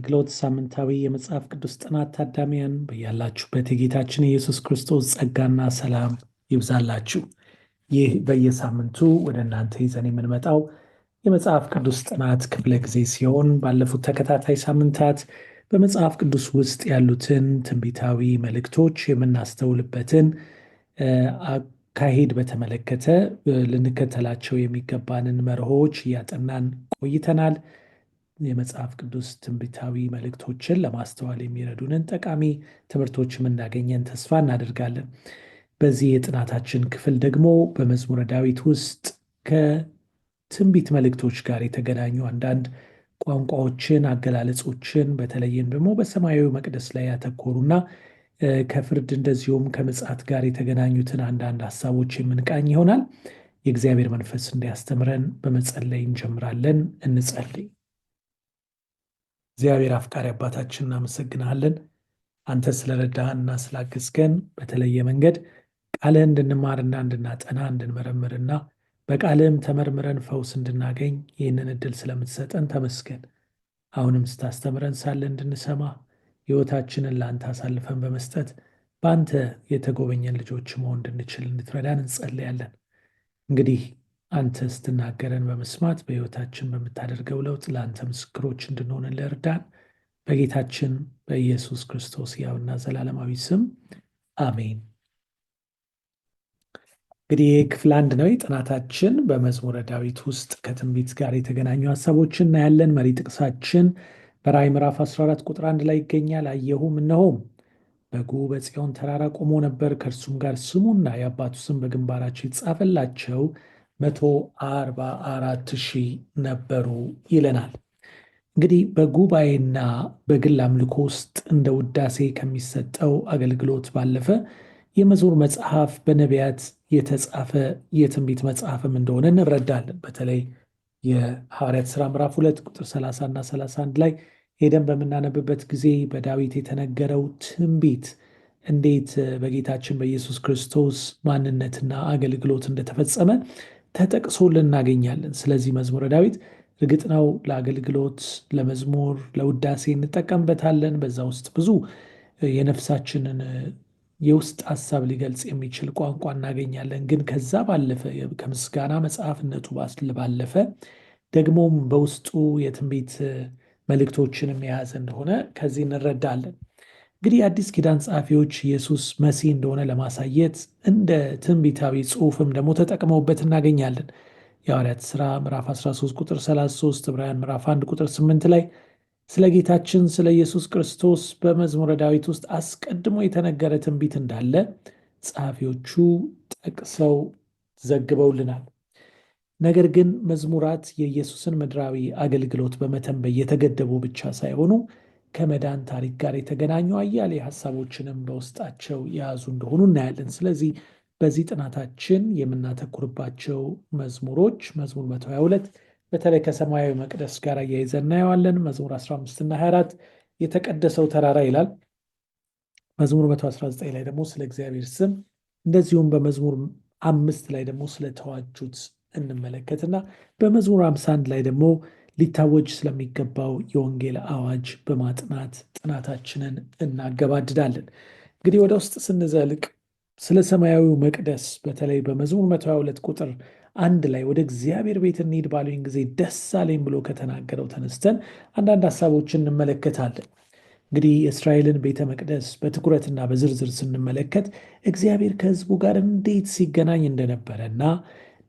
አገልግሎት ሳምንታዊ የመጽሐፍ ቅዱስ ጥናት ታዳሚያን በያላችሁበት የጌታችን የኢየሱስ ክርስቶስ ጸጋና ሰላም ይብዛላችሁ። ይህ በየሳምንቱ ወደ እናንተ ይዘን የምንመጣው የመጽሐፍ ቅዱስ ጥናት ክፍለ ጊዜ ሲሆን ባለፉት ተከታታይ ሳምንታት በመጽሐፍ ቅዱስ ውስጥ ያሉትን ትንቢታዊ መልእክቶች የምናስተውልበትን አካሄድ በተመለከተ ልንከተላቸው የሚገባንን መርሆች እያጠናን ቆይተናል። የመጽሐፍ ቅዱስ ትንቢታዊ መልእክቶችን ለማስተዋል የሚረዱንን ጠቃሚ ትምህርቶች የምናገኘን ተስፋ እናደርጋለን። በዚህ የጥናታችን ክፍል ደግሞ በመዝሙረ ዳዊት ውስጥ ከትንቢት መልእክቶች ጋር የተገናኙ አንዳንድ ቋንቋዎችን፣ አገላለጾችን በተለይም ደግሞ በሰማያዊ መቅደስ ላይ ያተኮሩና ከፍርድ እንደዚሁም ከምጽአት ጋር የተገናኙትን አንዳንድ ሀሳቦች የምንቃኝ ይሆናል። የእግዚአብሔር መንፈስ እንዲያስተምረን በመጸለይ እንጀምራለን። እንጸልይ። እግዚአብሔር አፍቃሪ አባታችን እናመሰግናለን። አንተ እና ስላገዝገን በተለየ መንገድ ቃልህ እንድንማርና እንድናጠና እንድንመረምርና በቃልህም ተመርምረን ፈውስ እንድናገኝ ይህንን እድል ስለምትሰጠን ተመስገን። አሁንም ስታስተምረን ሳለ እንድንሰማ ህይወታችንን ለአንተ አሳልፈን በመስጠት በአንተ የተጎበኘን ልጆች መሆን እንድንችል እንድትረዳን እንጸለያለን። እንግዲህ አንተ ስትናገረን በመስማት በሕይወታችን በምታደርገው ለውጥ ለአንተ ምስክሮች እንድንሆንልህ እርዳን። በጌታችን በኢየሱስ ክርስቶስ ያውና ዘላለማዊ ስም አሜን። እንግዲህ ይህ ክፍል አንድ ነው። ጥናታችን በመዝሙረ ዳዊት ውስጥ ከትንቢት ጋር የተገናኙ ሀሳቦች እናያለን። መሪ ጥቅሳችን በራዕይ ምዕራፍ 14 ቁጥር አንድ ላይ ይገኛል። አየሁም እነሆም በጉ በጽዮን ተራራ ቆሞ ነበር፣ ከእርሱም ጋር ስሙና የአባቱ ስም በግንባራቸው የተጻፈላቸው መቶ አርባ አራት ሺህ ነበሩ ይለናል። እንግዲህ በጉባኤና በግል አምልኮ ውስጥ እንደ ውዳሴ ከሚሰጠው አገልግሎት ባለፈ የመዝሙር መጽሐፍ በነቢያት የተጻፈ የትንቢት መጽሐፍም እንደሆነ እንረዳለን። በተለይ የሐዋርያት ሥራ ምዕራፍ ሁለት ቁጥር 30 እና 31 ላይ ሄደን በምናነብበት ጊዜ በዳዊት የተነገረው ትንቢት እንዴት በጌታችን በኢየሱስ ክርስቶስ ማንነትና አገልግሎት እንደተፈጸመ ተጠቅሶ ልናገኛለን። ስለዚህ መዝሙረ ዳዊት እርግጥ ነው ለአገልግሎት፣ ለመዝሙር፣ ለውዳሴ እንጠቀምበታለን። በዛ ውስጥ ብዙ የነፍሳችንን የውስጥ ሀሳብ ሊገልጽ የሚችል ቋንቋ እናገኛለን። ግን ከዛ ባለፈ ከምስጋና መጽሐፍነቱ ባለፈ ደግሞም በውስጡ የትንቢት መልእክቶችንም የያዘ እንደሆነ ከዚህ እንረዳለን። እንግዲህ የአዲስ ኪዳን ጸሐፊዎች ኢየሱስ መሲህ እንደሆነ ለማሳየት እንደ ትንቢታዊ ጽሑፍም ደግሞ ተጠቅመውበት እናገኛለን። የሐዋርያት ሥራ ምዕራፍ 13 ቁጥር 33፣ ዕብራውያን ምዕራፍ 1 ቁጥር 8 ላይ ስለ ጌታችን ስለ ኢየሱስ ክርስቶስ በመዝሙረ ዳዊት ውስጥ አስቀድሞ የተነገረ ትንቢት እንዳለ ጸሐፊዎቹ ጠቅሰው ዘግበውልናል። ነገር ግን መዝሙራት የኢየሱስን ምድራዊ አገልግሎት በመተንበይ የተገደቡ ብቻ ሳይሆኑ ከመዳን ታሪክ ጋር የተገናኙ አያሌ ሀሳቦችንም በውስጣቸው የያዙ እንደሆኑ እናያለን። ስለዚህ በዚህ ጥናታችን የምናተኩርባቸው መዝሙሮች መዝሙር 122 በተለይ ከሰማያዊ መቅደስ ጋር እያይዘን እናየዋለን። መዝሙር 15 እና 24 የተቀደሰው ተራራ ይላል። መዝሙር 119 ላይ ደግሞ ስለ እግዚአብሔር ስም እንደዚሁም በመዝሙር አምስት ላይ ደግሞ ስለተዋጁት እንመለከትና በመዝሙር 51 ላይ ደግሞ ሊታወጅ ስለሚገባው የወንጌል አዋጅ በማጥናት ጥናታችንን እናገባድዳለን። እንግዲህ ወደ ውስጥ ስንዘልቅ ስለ ሰማያዊው መቅደስ በተለይ በመዝሙር 122 ቁጥር አንድ ላይ ወደ እግዚአብሔር ቤት እንሂድ ባሉኝ ጊዜ ደስ አለኝ ብሎ ከተናገረው ተነስተን አንዳንድ ሀሳቦችን እንመለከታለን። እንግዲህ የእስራኤልን ቤተ መቅደስ በትኩረትና በዝርዝር ስንመለከት እግዚአብሔር ከሕዝቡ ጋር እንዴት ሲገናኝ እንደነበረ እና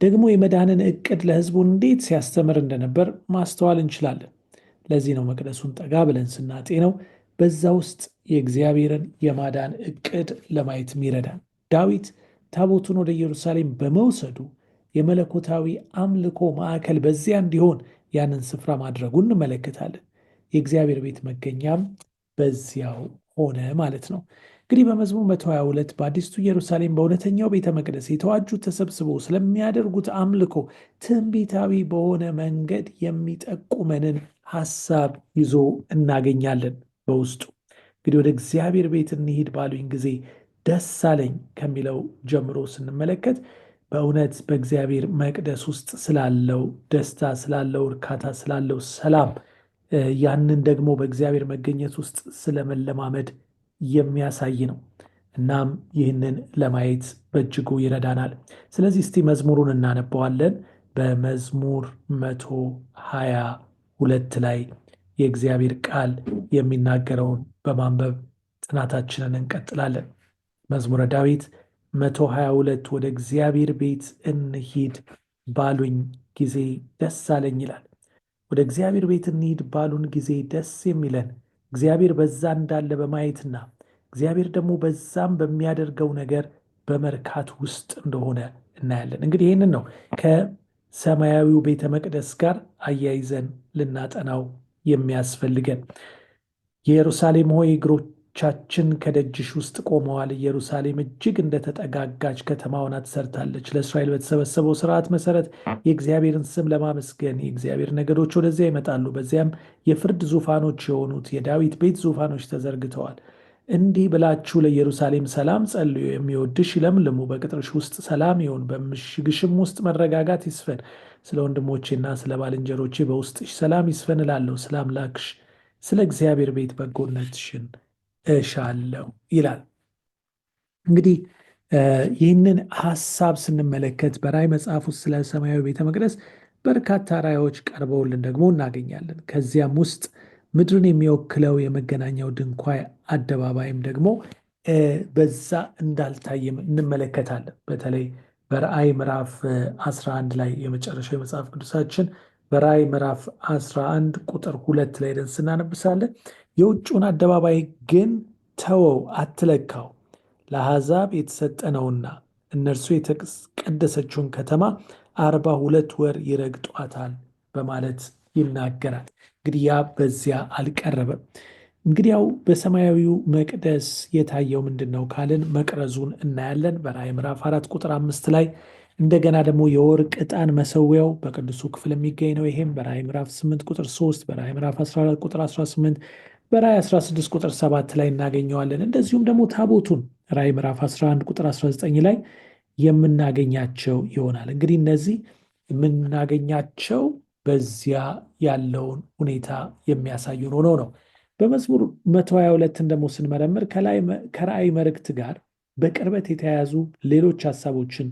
ደግሞ የመዳንን እቅድ ለህዝቡ እንዴት ሲያስተምር እንደነበር ማስተዋል እንችላለን። ለዚህ ነው መቅደሱን ጠጋ ብለን ስናጤነው በዛ ውስጥ የእግዚአብሔርን የማዳን እቅድ ለማየት የሚረዳን። ዳዊት ታቦቱን ወደ ኢየሩሳሌም በመውሰዱ የመለኮታዊ አምልኮ ማዕከል በዚያ እንዲሆን ያንን ስፍራ ማድረጉ እንመለከታለን። የእግዚአብሔር ቤት መገኛም በዚያው ሆነ ማለት ነው። እንግዲህ በመዝሙር 122 በአዲስቱ ኢየሩሳሌም በእውነተኛው ቤተ መቅደስ የተዋጁት ተሰብስበው ስለሚያደርጉት አምልኮ ትንቢታዊ በሆነ መንገድ የሚጠቁመንን ሀሳብ ይዞ እናገኛለን። በውስጡ እንግዲህ ወደ እግዚአብሔር ቤት እንሂድ ባሉኝ ጊዜ ደስ አለኝ ከሚለው ጀምሮ ስንመለከት በእውነት በእግዚአብሔር መቅደስ ውስጥ ስላለው ደስታ፣ ስላለው እርካታ፣ ስላለው ሰላም ያንን ደግሞ በእግዚአብሔር መገኘት ውስጥ ስለመለማመድ የሚያሳይ ነው። እናም ይህንን ለማየት በእጅጉ ይረዳናል። ስለዚህ እስቲ መዝሙሩን እናነባዋለን። በመዝሙር መቶ ሀያ ሁለት ላይ የእግዚአብሔር ቃል የሚናገረውን በማንበብ ጥናታችንን እንቀጥላለን። መዝሙረ ዳዊት መቶ ሀያ ሁለት ወደ እግዚአብሔር ቤት እንሂድ ባሉኝ ጊዜ ደስ አለኝ ይላል። ወደ እግዚአብሔር ቤት እንሂድ ባሉን ጊዜ ደስ የሚለን እግዚአብሔር በዛ እንዳለ በማየትና እግዚአብሔር ደግሞ በዛም በሚያደርገው ነገር በመርካት ውስጥ እንደሆነ እናያለን። እንግዲህ ይህንን ነው ከሰማያዊው ቤተ መቅደስ ጋር አያይዘን ልናጠናው የሚያስፈልገን። የኢየሩሳሌም ሆይ እግሮች ቻችን ከደጅሽ ውስጥ ቆመዋል። ኢየሩሳሌም እጅግ እንደተጠጋጋች ከተማ ሆና ትሰርታለች። ለእስራኤል በተሰበሰበው ስርዓት መሰረት የእግዚአብሔርን ስም ለማመስገን የእግዚአብሔር ነገዶች ወደዚያ ይመጣሉ። በዚያም የፍርድ ዙፋኖች የሆኑት የዳዊት ቤት ዙፋኖች ተዘርግተዋል። እንዲህ ብላችሁ ለኢየሩሳሌም ሰላም ጸልዩ። የሚወድሽ ይለምልሙ፣ በቅጥርሽ ውስጥ ሰላም ይሁን፣ በምሽግሽም ውስጥ መረጋጋት ይስፈን። ስለ ወንድሞቼና ስለ ባልንጀሮቼ በውስጥሽ ሰላም ይስፈን እላለሁ። ስለ አምላክሽ ስለ እግዚአብሔር ቤት በጎነትሽን እሻለሁ ይላል። እንግዲህ ይህንን ሀሳብ ስንመለከት በራእይ መጽሐፍ ውስጥ ስለ ሰማያዊ ቤተ መቅደስ በርካታ ራእዮች ቀርበውልን ደግሞ እናገኛለን። ከዚያም ውስጥ ምድርን የሚወክለው የመገናኛው ድንኳይ አደባባይም ደግሞ በዛ እንዳልታየም እንመለከታለን። በተለይ በራእይ ምዕራፍ 11 ላይ የመጨረሻው የመጽሐፍ ቅዱሳችን በራእይ ምዕራፍ 11 ቁጥር ሁለት ላይ ደን ስናነብሳለን የውጭውን አደባባይ ግን ተወው፣ አትለካው፤ ለአሕዛብ የተሰጠ ነውና እነርሱ የተቀደሰችውን ከተማ አርባ ሁለት ወር ይረግጧታል በማለት ይናገራል። እንግዲህ ያ በዚያ አልቀረበም። እንግዲያው በሰማያዊው መቅደስ የታየው ምንድን ነው ካልን መቅረዙን እናያለን በራእይ ምዕራፍ አራት ቁጥር አምስት ላይ እንደገና ደግሞ የወርቅ ዕጣን መሰዊያው በቅዱሱ ክፍል የሚገኝ ነው። ይሄም በራእይ ምዕራፍ 8 ቁጥር 3፣ በራእይ ምዕራፍ 14 ቁጥር 18፣ በራይ 16 ቁጥር 7 ላይ እናገኘዋለን። እንደዚሁም ደግሞ ታቦቱን ራይ ምዕራፍ 11 ቁጥር 19 ላይ የምናገኛቸው ይሆናል። እንግዲህ እነዚህ የምናገኛቸው በዚያ ያለውን ሁኔታ የሚያሳዩን ሆነው ነው። በመዝሙር 122ን ደግሞ ስንመረምር ከራእይ መልእክት ጋር በቅርበት የተያያዙ ሌሎች ሀሳቦችን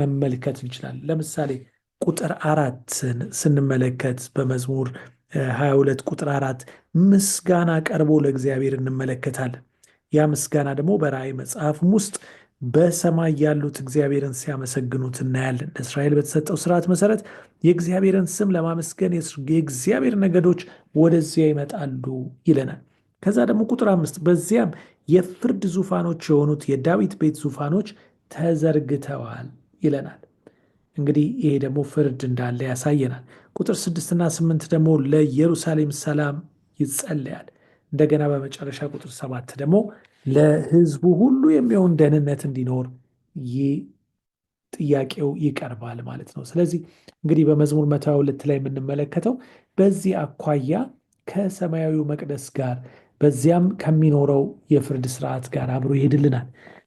መመልከት እንችላለን። ለምሳሌ ቁጥር አራትን ስንመለከት በመዝሙር 22 ቁጥር 4 ምስጋና ቀርቦ ለእግዚአብሔር እንመለከታለን። ያ ምስጋና ደግሞ በራእይ መጽሐፍም ውስጥ በሰማይ ያሉት እግዚአብሔርን ሲያመሰግኑት እናያለን። ለእስራኤል በተሰጠው ስርዓት መሰረት የእግዚአብሔርን ስም ለማመስገን የእግዚአብሔር ነገዶች ወደዚያ ይመጣሉ ይለናል። ከዛ ደግሞ ቁጥር አምስት በዚያም የፍርድ ዙፋኖች የሆኑት የዳዊት ቤት ዙፋኖች ተዘርግተዋል ይለናል። እንግዲህ ይሄ ደግሞ ፍርድ እንዳለ ያሳየናል። ቁጥር ስድስትና ስምንት ደግሞ ለኢየሩሳሌም ሰላም ይጸለያል። እንደገና በመጨረሻ ቁጥር ሰባት ደግሞ ለሕዝቡ ሁሉ የሚሆን ደህንነት እንዲኖር ይህ ጥያቄው ይቀርባል ማለት ነው። ስለዚህ እንግዲህ በመዝሙር መቶ ሃያ ሁለት ላይ የምንመለከተው በዚህ አኳያ ከሰማያዊው መቅደስ ጋር በዚያም ከሚኖረው የፍርድ ስርዓት ጋር አብሮ ይሄድልናል።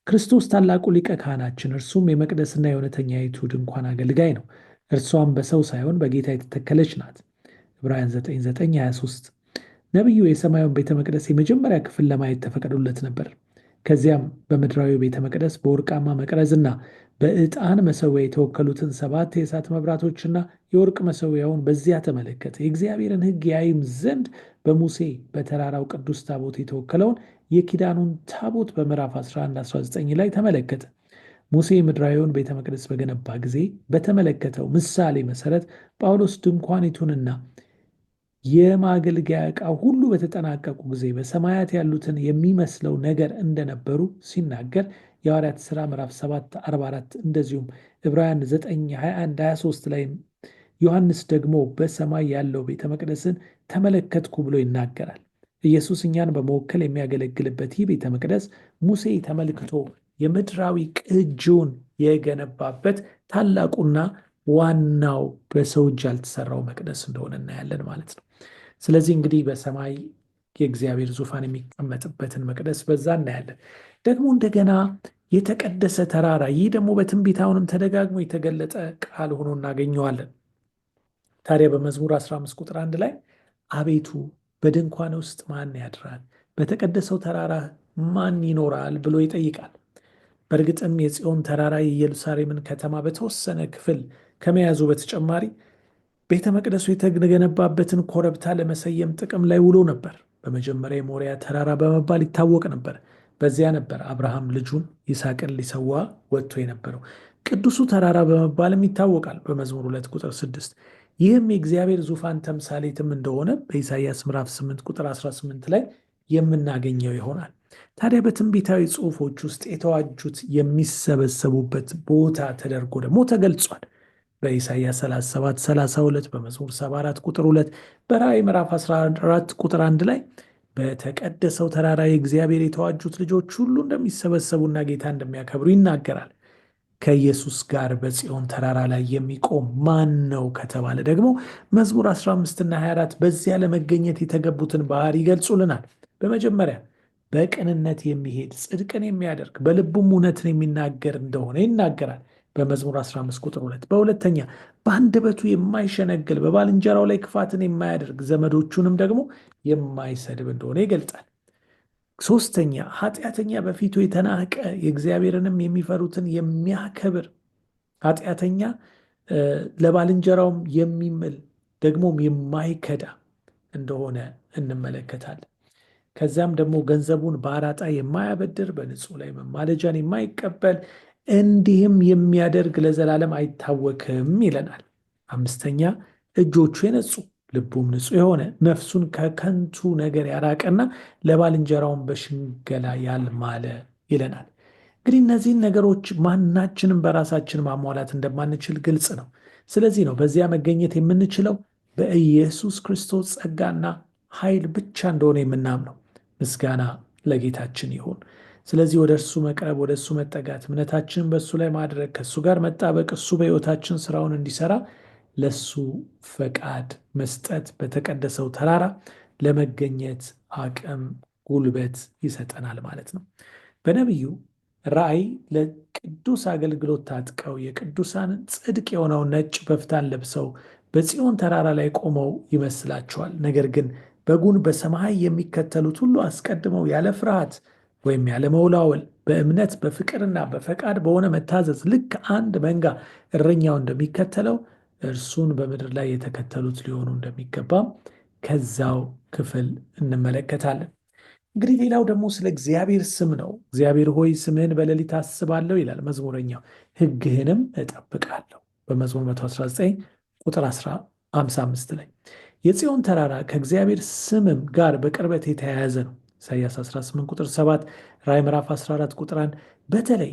ክርስቶስ ታላቁ ሊቀ ካህናችን፣ እርሱም የመቅደስና የእውነተኛይቱ ድንኳን አገልጋይ ነው። እርሷም በሰው ሳይሆን በጌታ የተተከለች ናት። ዕብራውያን 9923 ነቢዩ የሰማዩን ቤተ መቅደስ የመጀመሪያ ክፍል ለማየት ተፈቅዶለት ነበር። ከዚያም በምድራዊ ቤተ መቅደስ በወርቃማ መቅረዝና በዕጣን መሰዊያ የተወከሉትን ሰባት የእሳት መብራቶችና የወርቅ መሰዊያውን በዚያ ተመለከተ። የእግዚአብሔርን ሕግ ያይም ዘንድ በሙሴ በተራራው ቅዱስ ታቦት የተወከለውን የኪዳኑን ታቦት በምዕራፍ 11:19 ላይ ተመለከተ። ሙሴ ምድራዊውን ቤተ መቅደስ በገነባ ጊዜ በተመለከተው ምሳሌ መሰረት ጳውሎስ ድንኳኒቱንና የማገልገያ ዕቃ ሁሉ በተጠናቀቁ ጊዜ በሰማያት ያሉትን የሚመስለው ነገር እንደነበሩ ሲናገር የሐዋርያት ሥራ ምዕራፍ 7 44 እንደዚሁም ዕብራውያን 9 21 23 ላይ ዮሐንስ ደግሞ በሰማይ ያለው ቤተ መቅደስን ተመለከትኩ ብሎ ይናገራል። ኢየሱስ እኛን በመወከል የሚያገለግልበት ይህ ቤተ መቅደስ ሙሴ ተመልክቶ የምድራዊ ቅጂውን የገነባበት ታላቁና ዋናው በሰው እጅ ያልተሰራው መቅደስ እንደሆነ እናያለን ማለት ነው። ስለዚህ እንግዲህ በሰማይ የእግዚአብሔር ዙፋን የሚቀመጥበትን መቅደስ በዛ እናያለን። ደግሞ እንደገና የተቀደሰ ተራራ፣ ይህ ደግሞ በትንቢት አሁንም ተደጋግሞ የተገለጠ ቃል ሆኖ እናገኘዋለን። ታዲያ በመዝሙር 15 ቁጥር አንድ ላይ አቤቱ በድንኳን ውስጥ ማን ያድራል? በተቀደሰው ተራራ ማን ይኖራል ብሎ ይጠይቃል። በእርግጥም የጽዮን ተራራ የኢየሩሳሌምን ከተማ በተወሰነ ክፍል ከመያዙ በተጨማሪ ቤተ መቅደሱ የተገነባበትን ኮረብታ ለመሰየም ጥቅም ላይ ውሎ ነበር። በመጀመሪያ የሞሪያ ተራራ በመባል ይታወቅ ነበር። በዚያ ነበር አብርሃም ልጁን ይስሐቅን ሊሰዋ ወጥቶ የነበረው። ቅዱሱ ተራራ በመባልም ይታወቃል በመዝሙር ሁለት ቁጥር ስድስት ይህም የእግዚአብሔር ዙፋን ተምሳሌትም እንደሆነ በኢሳይያስ ምዕራፍ 8 ቁጥር 18 ላይ የምናገኘው ይሆናል። ታዲያ በትንቢታዊ ጽሁፎች ውስጥ የተዋጁት የሚሰበሰቡበት ቦታ ተደርጎ ደግሞ ተገልጿል። በኢሳይያስ 37 32 በመዝሙር 74 ቁጥር 2 በራእይ ምዕራፍ 14 ቁጥር 1 ላይ በተቀደሰው ተራራ የእግዚአብሔር የተዋጁት ልጆች ሁሉ እንደሚሰበሰቡና ጌታ እንደሚያከብሩ ይናገራል። ከኢየሱስ ጋር በጽዮን ተራራ ላይ የሚቆም ማን ነው ከተባለ ደግሞ መዝሙር 15 እና 24 በዚያ ለመገኘት የተገቡትን ባህሪ ይገልጹልናል። በመጀመሪያ በቅንነት የሚሄድ ጽድቅን የሚያደርግ በልቡም እውነትን የሚናገር እንደሆነ ይናገራል በመዝሙር 15 ቁጥር 2። በሁለተኛ በአንደበቱ የማይሸነግል በባልንጀራው ላይ ክፋትን የማያደርግ ዘመዶቹንም ደግሞ የማይሰድብ እንደሆነ ይገልጻል። ሶስተኛ ኃጢአተኛ በፊቱ የተናቀ የእግዚአብሔርንም የሚፈሩትን የሚያከብር ኃጢአተኛ ለባልንጀራውም የሚምል ደግሞም የማይከዳ እንደሆነ እንመለከታለን። ከዚያም ደግሞ ገንዘቡን በአራጣ የማያበድር በንጹሕ ላይ መማለጃን የማይቀበል እንዲህም የሚያደርግ ለዘላለም አይታወክም ይለናል። አምስተኛ እጆቹ የነጹ ልቡም ንጹሕ የሆነ ነፍሱን ከከንቱ ነገር ያራቀና ለባልንጀራውን በሽንገላ ያልማለ ይለናል። እንግዲህ እነዚህን ነገሮች ማናችንም በራሳችን ማሟላት እንደማንችል ግልጽ ነው። ስለዚህ ነው በዚያ መገኘት የምንችለው በኢየሱስ ክርስቶስ ጸጋና ኃይል ብቻ እንደሆነ የምናምነው። ምስጋና ለጌታችን ይሁን። ስለዚህ ወደ እርሱ መቅረብ፣ ወደ እሱ መጠጋት፣ እምነታችንን በእሱ ላይ ማድረግ፣ ከእሱ ጋር መጣበቅ፣ እሱ በሕይወታችን ስራውን እንዲሰራ ለሱ ፈቃድ መስጠት በተቀደሰው ተራራ ለመገኘት አቅም ጉልበት ይሰጠናል ማለት ነው። በነቢዩ ራእይ ለቅዱስ አገልግሎት ታጥቀው የቅዱሳን ጽድቅ የሆነው ነጭ በፍታን ለብሰው በጽዮን ተራራ ላይ ቆመው ይመስላቸዋል። ነገር ግን በጉን በሰማይ የሚከተሉት ሁሉ አስቀድመው ያለ ፍርሃት ወይም ያለ መውላወል በእምነት በፍቅርና በፈቃድ በሆነ መታዘዝ ልክ አንድ መንጋ እረኛው እንደሚከተለው እርሱን በምድር ላይ የተከተሉት ሊሆኑ እንደሚገባም ከዛው ክፍል እንመለከታለን። እንግዲህ ሌላው ደግሞ ስለ እግዚአብሔር ስም ነው። እግዚአብሔር ሆይ ስምህን በሌሊት አስባለሁ ይላል መዝሙረኛው፣ ህግህንም እጠብቃለሁ በመዝሙር 119 ቁጥር 55 ላይ የጽዮን ተራራ ከእግዚአብሔር ስምም ጋር በቅርበት የተያያዘ ነው። ኢሳያስ 18 ቁጥር 7 ራይ ምዕራፍ 14 ቁጥራን በተለይ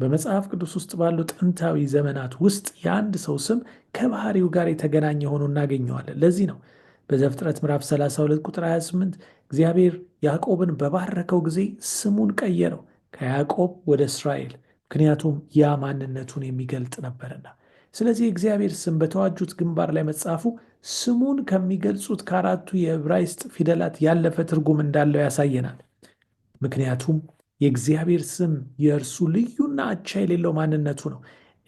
በመጽሐፍ ቅዱስ ውስጥ ባሉ ጥንታዊ ዘመናት ውስጥ የአንድ ሰው ስም ከባህሪው ጋር የተገናኘ ሆኖ እናገኘዋለን። ለዚህ ነው በዘፍጥረት ምዕራፍ 32 ቁጥር 28 እግዚአብሔር ያዕቆብን በባረከው ጊዜ ስሙን ቀየረው ከያዕቆብ ወደ እስራኤል፣ ምክንያቱም ያ ማንነቱን የሚገልጥ ነበርና። ስለዚህ እግዚአብሔር ስም በተዋጁት ግንባር ላይ መጻፉ ስሙን ከሚገልጹት ከአራቱ የዕብራይስጥ ፊደላት ያለፈ ትርጉም እንዳለው ያሳየናል። ምክንያቱም የእግዚአብሔር ስም የእርሱ ልዩና አቻ የሌለው ማንነቱ ነው።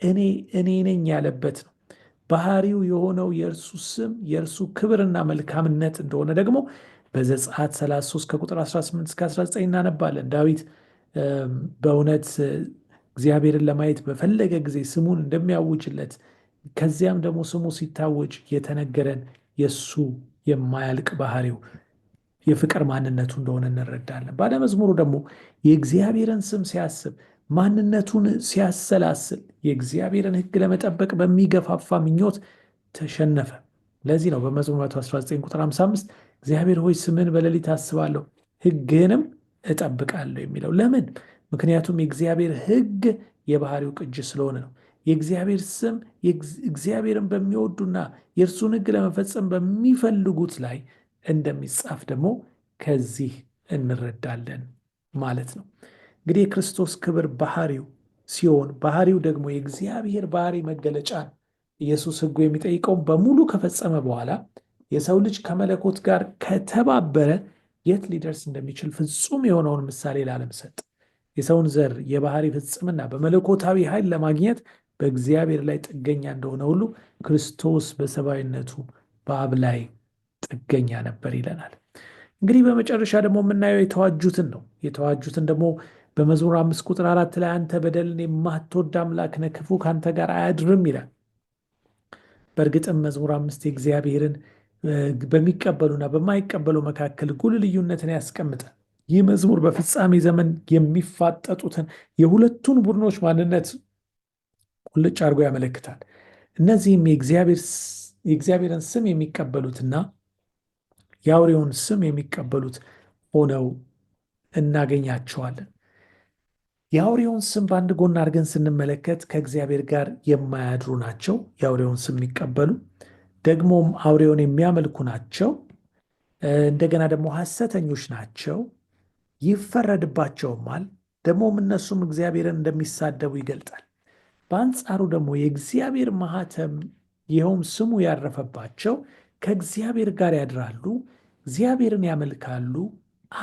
እኔ እኔ ነኝ ያለበት ነው። ባህሪው የሆነው የእርሱ ስም የእርሱ ክብርና መልካምነት እንደሆነ ደግሞ በዘጸአት 33 ከቁጥር 18 እስከ 19 እናነባለን። ዳዊት በእውነት እግዚአብሔርን ለማየት በፈለገ ጊዜ ስሙን እንደሚያውጅለት ከዚያም ደግሞ ስሙ ሲታወጅ የተነገረን የእሱ የማያልቅ ባህሪው የፍቅር ማንነቱ እንደሆነ እንረዳለን። ባለመዝሙሩ ደግሞ የእግዚአብሔርን ስም ሲያስብ ማንነቱን ሲያሰላስል የእግዚአብሔርን ሕግ ለመጠበቅ በሚገፋፋ ምኞት ተሸነፈ። ለዚህ ነው በመዝሙር 119 ቁጥር 55 እግዚአብሔር ሆይ ስምን በሌሊት አስባለሁ ሕግህንም እጠብቃለሁ የሚለው ለምን? ምክንያቱም የእግዚአብሔር ሕግ የባህሪው ቅጅ ስለሆነ ነው። የእግዚአብሔር ስም እግዚአብሔርን በሚወዱና የእርሱን ሕግ ለመፈጸም በሚፈልጉት ላይ እንደሚጻፍ ደግሞ ከዚህ እንረዳለን ማለት ነው። እንግዲህ የክርስቶስ ክብር ባህሪው ሲሆን ባህሪው ደግሞ የእግዚአብሔር ባህሪ መገለጫ ኢየሱስ ሕጉ የሚጠይቀውን በሙሉ ከፈጸመ በኋላ የሰው ልጅ ከመለኮት ጋር ከተባበረ የት ሊደርስ እንደሚችል ፍጹም የሆነውን ምሳሌ ለዓለም ሰጥ የሰውን ዘር የባህሪ ፍጽምና በመለኮታዊ ኃይል ለማግኘት በእግዚአብሔር ላይ ጥገኛ እንደሆነ ሁሉ ክርስቶስ በሰብአዊነቱ በአብ ላይ ጥገኛ ነበር ይለናል። እንግዲህ በመጨረሻ ደግሞ የምናየው የተዋጁትን ነው። የተዋጁትን ደግሞ በመዝሙር አምስት ቁጥር አራት ላይ አንተ በደልን የማትወድ አምላክ ነህ፣ ክፉ ከአንተ ጋር አያድርም ይላል። በእርግጥም መዝሙር አምስት የእግዚአብሔርን በሚቀበሉና በማይቀበሉ መካከል ጉል ልዩነትን ያስቀምጣል። ይህ መዝሙር በፍጻሜ ዘመን የሚፋጠጡትን የሁለቱን ቡድኖች ማንነት ሁልጭ አድርጎ ያመለክታል። እነዚህም የእግዚአብሔርን ስም የሚቀበሉትና የአውሬውን ስም የሚቀበሉት ሆነው እናገኛቸዋለን። የአውሬውን ስም በአንድ ጎን አድርገን ስንመለከት ከእግዚአብሔር ጋር የማያድሩ ናቸው። የአውሬውን ስም የሚቀበሉ ደግሞም አውሬውን የሚያመልኩ ናቸው። እንደገና ደግሞ ሐሰተኞች ናቸው፣ ይፈረድባቸውማል። ደግሞም እነሱም እግዚአብሔርን እንደሚሳደቡ ይገልጣል። በአንጻሩ ደግሞ የእግዚአብሔር ማህተም ይኸውም ስሙ ያረፈባቸው ከእግዚአብሔር ጋር ያድራሉ፣ እግዚአብሔርን ያመልካሉ፣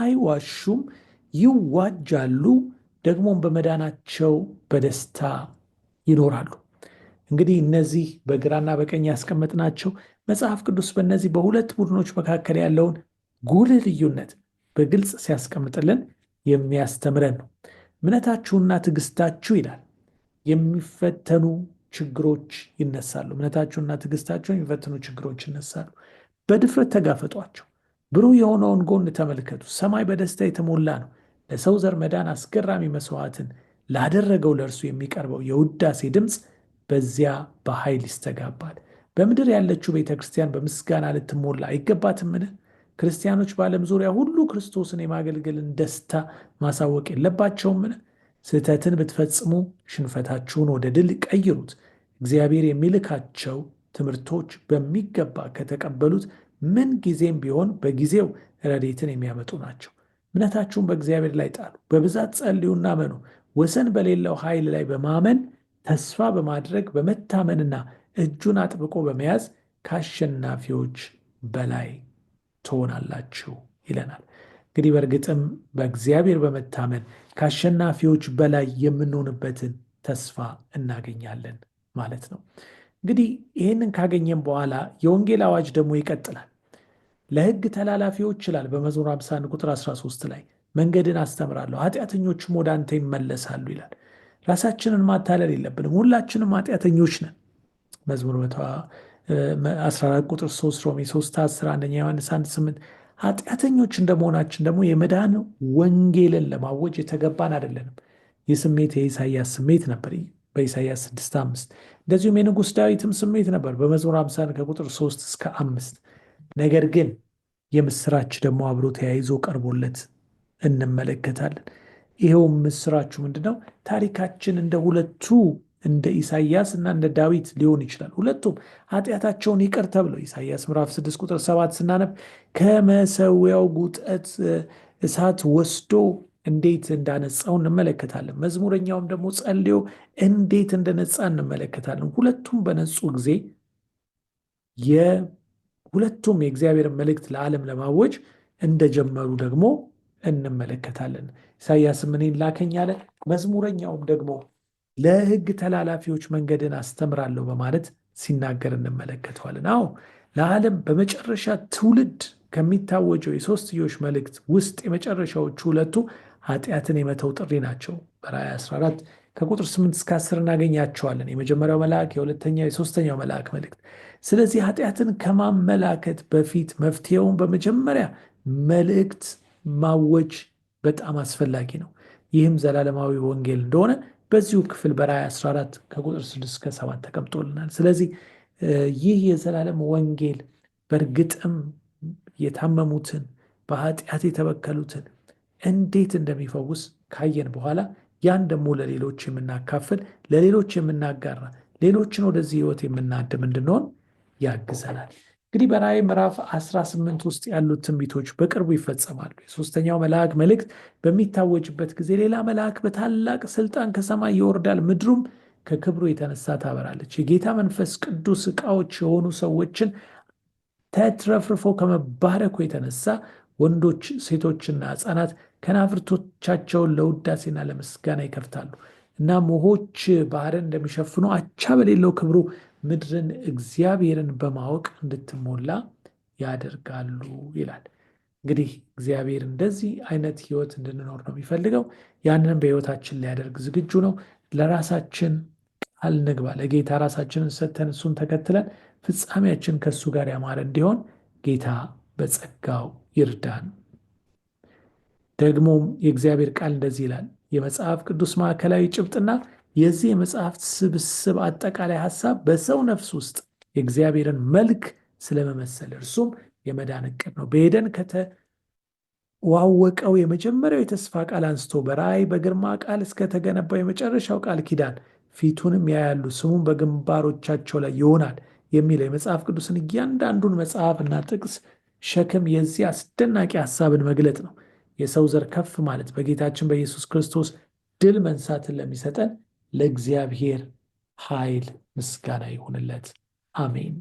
አይዋሹም፣ ይዋጃሉ፣ ደግሞም በመዳናቸው በደስታ ይኖራሉ። እንግዲህ እነዚህ በግራና በቀኝ ያስቀመጥናቸው መጽሐፍ ቅዱስ በእነዚህ በሁለት ቡድኖች መካከል ያለውን ጉልህ ልዩነት በግልጽ ሲያስቀምጥልን የሚያስተምረን ነው። እምነታችሁና ትዕግስታችሁ ይላል የሚፈተኑ ችግሮች ይነሳሉ። እምነታቸውና ትዕግስታችሁን የሚፈተኑ ችግሮች ይነሳሉ። በድፍረት ተጋፈጧቸው። ብሩህ የሆነውን ጎን ተመልከቱ። ሰማይ በደስታ የተሞላ ነው። ለሰው ዘር መዳን አስገራሚ መስዋዕትን ላደረገው ለእርሱ የሚቀርበው የውዳሴ ድምፅ በዚያ በኃይል ይስተጋባል። በምድር ያለችው ቤተ ክርስቲያን በምስጋና ልትሞላ አይገባትምን? ክርስቲያኖች በዓለም ዙሪያ ሁሉ ክርስቶስን የማገልገልን ደስታ ማሳወቅ የለባቸውምን? ስህተትን ብትፈጽሙ ሽንፈታችሁን ወደ ድል ቀይሩት። እግዚአብሔር የሚልካቸው ትምህርቶች በሚገባ ከተቀበሉት ምን ጊዜም ቢሆን በጊዜው ረዴትን የሚያመጡ ናቸው። እምነታችሁን በእግዚአብሔር ላይ ጣሉ። በብዛት ጸልዩና መኑ። ወሰን በሌለው ኃይል ላይ በማመን ተስፋ በማድረግ በመታመንና እጁን አጥብቆ በመያዝ ከአሸናፊዎች በላይ ትሆናላችሁ ይለናል። እንግዲህ በእርግጥም በእግዚአብሔር በመታመን ከአሸናፊዎች በላይ የምንሆንበትን ተስፋ እናገኛለን ማለት ነው። እንግዲህ ይህንን ካገኘን በኋላ የወንጌል አዋጅ ደግሞ ይቀጥላል። ለህግ ተላላፊዎች ይችላል በመዝሙር 51 ቁጥር 13 ላይ መንገድን አስተምራለሁ ኃጢአተኞችም ወደ አንተ ይመለሳሉ ይላል። ራሳችንን ማታለል የለብንም። ሁላችንም ኃጢአተኞች ነን። መዝሙር 14 ቁጥር 3፣ ሮሜ 3 10፣ አንደኛ ዮሐንስ 1 8 ኃጢአተኞች እንደመሆናችን ደግሞ የመዳን ወንጌልን ለማወጅ የተገባን አይደለንም። ይህ ስሜት የኢሳያስ ስሜት ነበር በኢሳያስ 6 5 እንደዚሁም የንጉሥ ዳዊትም ስሜት ነበር በመዝሙር 50 ከቁጥር 3 እስከ አምስት ነገር ግን የምስራች ደግሞ አብሮ ተያይዞ ቀርቦለት እንመለከታለን። ይኸውም ምስራቹ ምንድነው? ታሪካችን እንደ ሁለቱ እንደ ኢሳይያስ እና እንደ ዳዊት ሊሆን ይችላል። ሁለቱም ኃጢአታቸውን ይቅር ተብለው ኢሳይያስ ምዕራፍ 6 ቁጥር 7 ስናነብ ከመሰዊያው ጉጠት እሳት ወስዶ እንዴት እንዳነጻው እንመለከታለን። መዝሙረኛውም ደግሞ ጸልዮ እንዴት እንደነጻ እንመለከታለን። ሁለቱም በነጹ ጊዜ ሁለቱም የእግዚአብሔር መልእክት ለዓለም ለማወጅ እንደጀመሩ ደግሞ እንመለከታለን። ኢሳይያስ እኔን ላከኝ አለ። መዝሙረኛውም ደግሞ ለህግ ተላላፊዎች መንገድን አስተምራለሁ በማለት ሲናገር እንመለከተዋለን። አዎ ለዓለም በመጨረሻ ትውልድ ከሚታወጀው የሶስትዮሽ መልእክት ውስጥ የመጨረሻዎቹ ሁለቱ ኃጢአትን የመተው ጥሪ ናቸው። በራእይ 14 ከቁጥር 8 እስከ 10 እናገኛቸዋለን። የመጀመሪያው መልአክ፣ የሁለተኛ የሶስተኛው መልአክ መልእክት። ስለዚህ ኃጢአትን ከማመላከት በፊት መፍትሄውን በመጀመሪያ መልእክት ማወጅ በጣም አስፈላጊ ነው። ይህም ዘላለማዊ ወንጌል እንደሆነ በዚሁ ክፍል በራዕይ 14 ከቁጥር 6 እስከ 7 ተቀምጦልናል። ስለዚህ ይህ የዘላለም ወንጌል በእርግጥም የታመሙትን በኃጢአት የተበከሉትን እንዴት እንደሚፈውስ ካየን በኋላ ያን ደግሞ ለሌሎች የምናካፍል ለሌሎች የምናጋራ ሌሎችን ወደዚህ ህይወት የምናድም እንድንሆን ያግዘናል። እንግዲህ በራእይ ምዕራፍ 18 ውስጥ ያሉት ትንቢቶች በቅርቡ ይፈጸማሉ። የሶስተኛው መልአክ መልእክት በሚታወጅበት ጊዜ ሌላ መልአክ በታላቅ ስልጣን ከሰማይ ይወርዳል፣ ምድሩም ከክብሩ የተነሳ ታበራለች። የጌታ መንፈስ ቅዱስ ዕቃዎች የሆኑ ሰዎችን ተትረፍርፎ ከመባረኩ የተነሳ ወንዶች፣ ሴቶችና ሕፃናት ከናፍርቶቻቸውን ለውዳሴና ለምስጋና ይከፍታሉ እና ሞሆች ባህርን እንደሚሸፍኑ አቻ በሌለው ክብሩ ምድርን እግዚአብሔርን በማወቅ እንድትሞላ ያደርጋሉ ይላል። እንግዲህ እግዚአብሔር እንደዚህ አይነት ህይወት እንድንኖር ነው የሚፈልገው። ያንን በህይወታችን ሊያደርግ ዝግጁ ነው። ለራሳችን ቃል ንግባ። ለጌታ ራሳችንን ሰተን እሱን ተከትለን ፍጻሜያችን ከእሱ ጋር ያማረ እንዲሆን ጌታ በጸጋው ይርዳን። ደግሞም የእግዚአብሔር ቃል እንደዚህ ይላል። የመጽሐፍ ቅዱስ ማዕከላዊ ጭብጥና የዚህ የመጽሐፍት ስብስብ አጠቃላይ ሀሳብ በሰው ነፍስ ውስጥ የእግዚአብሔርን መልክ ስለመመሰል እርሱም የመዳን ዕቅድ ነው። በኤደን ከተዋወቀው የመጀመሪያው የተስፋ ቃል አንስቶ በራእይ በግርማ ቃል እስከተገነባው የመጨረሻው ቃል ኪዳን ፊቱንም ያያሉ፣ ስሙም በግንባሮቻቸው ላይ ይሆናል የሚለው የመጽሐፍ ቅዱስን እያንዳንዱን መጽሐፍ እና ጥቅስ ሸክም የዚህ አስደናቂ ሀሳብን መግለጥ ነው። የሰው ዘር ከፍ ማለት በጌታችን በኢየሱስ ክርስቶስ ድል መንሳትን ለሚሰጠን ለእግዚአብሔር ኃይል ምስጋና ይሁንለት። አሜን።